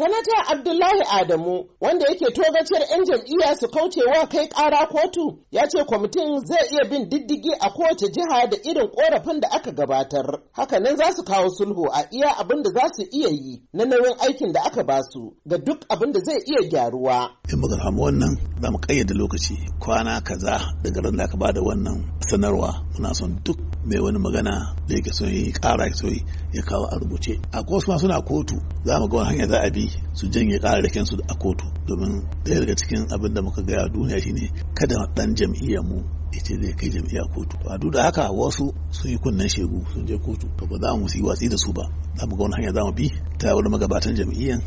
Sanata Abdullahi Adamu wanda yake togaciyar 'yan jam'iyya su kauce wa kai ƙara kotu ya ce kwamitin zai iya bin diddigi a kowace jiha da irin korafin da aka gabatar. Hakanan za su kawo sulhu a iya abin da za su iya yi na nauyin aikin da aka basu ga duk abin da zai iya gyaruwa. In muka samu wannan za mu ƙayyade lokaci kwana kaza daga ran da aka bada wannan sanarwa muna son duk mai wani magana da yake son yi ƙara ya ya kawo a rubuce a wasu ma suna kotu za mu ga wani hanya za a bi su janye da su a kotu domin ɗaya daga cikin abin da muka gaya duniya shine kada dan jam'iyyar mu ya ce zai kai jam'iyya kotu a duk da haka wasu sun yi kunnen shegu sun je kotu to ba za mu yi watsi da su ba za mu ga wani hanya za mu bi ta wani magabatan jam'iyyar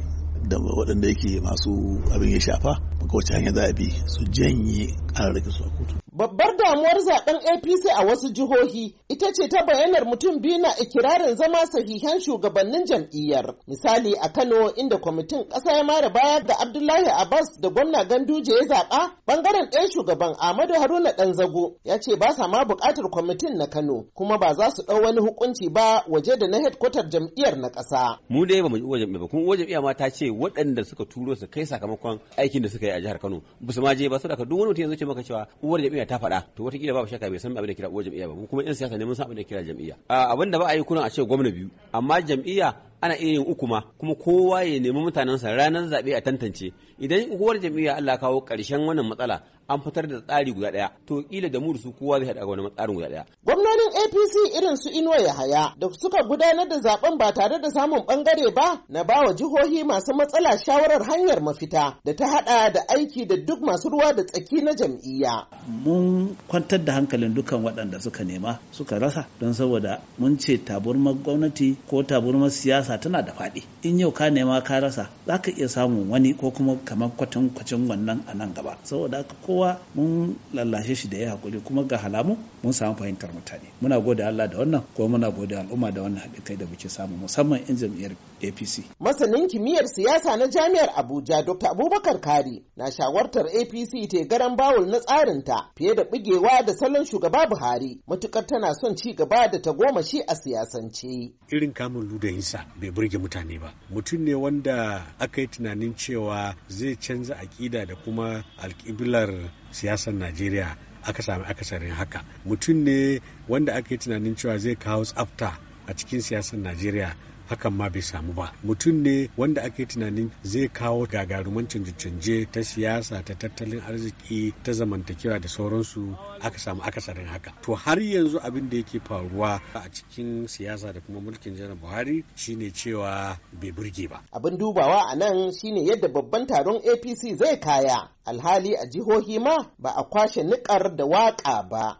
da waɗanda yake masu abin ya shafa ga wacce hanya za a bi su janye da su a kotu Babbar damuwar zaben APC a wasu jihohi ita ce ta bayanar mutum biyu na ikirarin zama sahihan shugabannin jam'iyyar. Misali a Kano inda kwamitin ƙasa ya mara baya da Abdullahi Abbas da gwamna Ganduje ya zaɓa ɓangaren ɗaya shugaban Ahmadu Haruna zago ya ce ba sa ma buƙatar kwamitin na Kano kuma ba za su ɗau wani hukunci ba waje da na hedkwatar jam'iyyar na ƙasa. Mu dai ba mu ji jam'iyya ba kuma uwar jam'iyya ma ta ce waɗanda suka turo su kai sakamakon aikin da suka yi a jihar Kano ba su ma je ba su da duk wani mutum ya zo ce maka cewa uwar jam'iyya jam'iyya ta faɗa to watakila babu shakka bai san abin da kira uwar jam'iyya ba mu kuma yan siyasa ne mun san abin da kira jam'iyya abin da ba a yi kullum a ce gwamna biyu amma jam'iyya ana iya yin uku kuma kowa ya nemi mutanensa ranar zabe a tantance idan uwar jam'iyya Allah kawo karshen wannan matsala an fitar da tsari guda daya to kila da murusu kowa zai haɗa wani tsarin guda daya gwamnonin apc irin su inuwa yahaya da suka gudanar da zaben ba tare da samun bangare ba na bawa jihohi masu matsala shawarar hanyar mafita da ta haɗa da aiki da duk masu ruwa da tsaki na jam'iyya mun kwantar da hankalin dukan waɗanda suka nema suka rasa don saboda mun ce taburmar gwamnati ko taburmar siyasa tana da faɗi in yau ka nema ka rasa za ka iya samun wani ko kuma kamar kwatankwacin wannan a nan gaba saboda ko kowa mun lallashe shi da ya hakuri kuma ga halamu mun samu fahimtar mutane muna gode Allah da wannan kuma muna gode al'umma da wannan haɗin kai da muke samu musamman in jam'iyyar APC masanin kimiyyar siyasa na jami'ar Abuja Dr. Abubakar Kari na shawartar APC ta garan bawul na tsarin ta fiye da bigewa da salon shugaba Buhari matukar tana son ci gaba da ta goma shi a siyasance irin kamun ludayinsa bai burge mutane ba mutum ne wanda aka yi tunanin cewa zai canza aƙida da kuma alƙiblar siyasar najeriya aka sami akasarin haka mutum ne wanda aka yi tunanin cewa zai kawo tsafta a cikin siyasar najeriya hakan ma bai samu ba mutum ne wanda ake tunanin zai kawo gagaruman canje-canje ta siyasa ta tattalin arziki ta zamantakewa da sauransu aka samu akasarin haka to har yanzu abin da yake faruwa a cikin siyasa da kuma mulkin janar buhari shine cewa bai burge ba abin dubawa a nan shine yadda babban taron apc zai kaya alhali a jihohi ma ba a kwashe niƙar da waƙa ba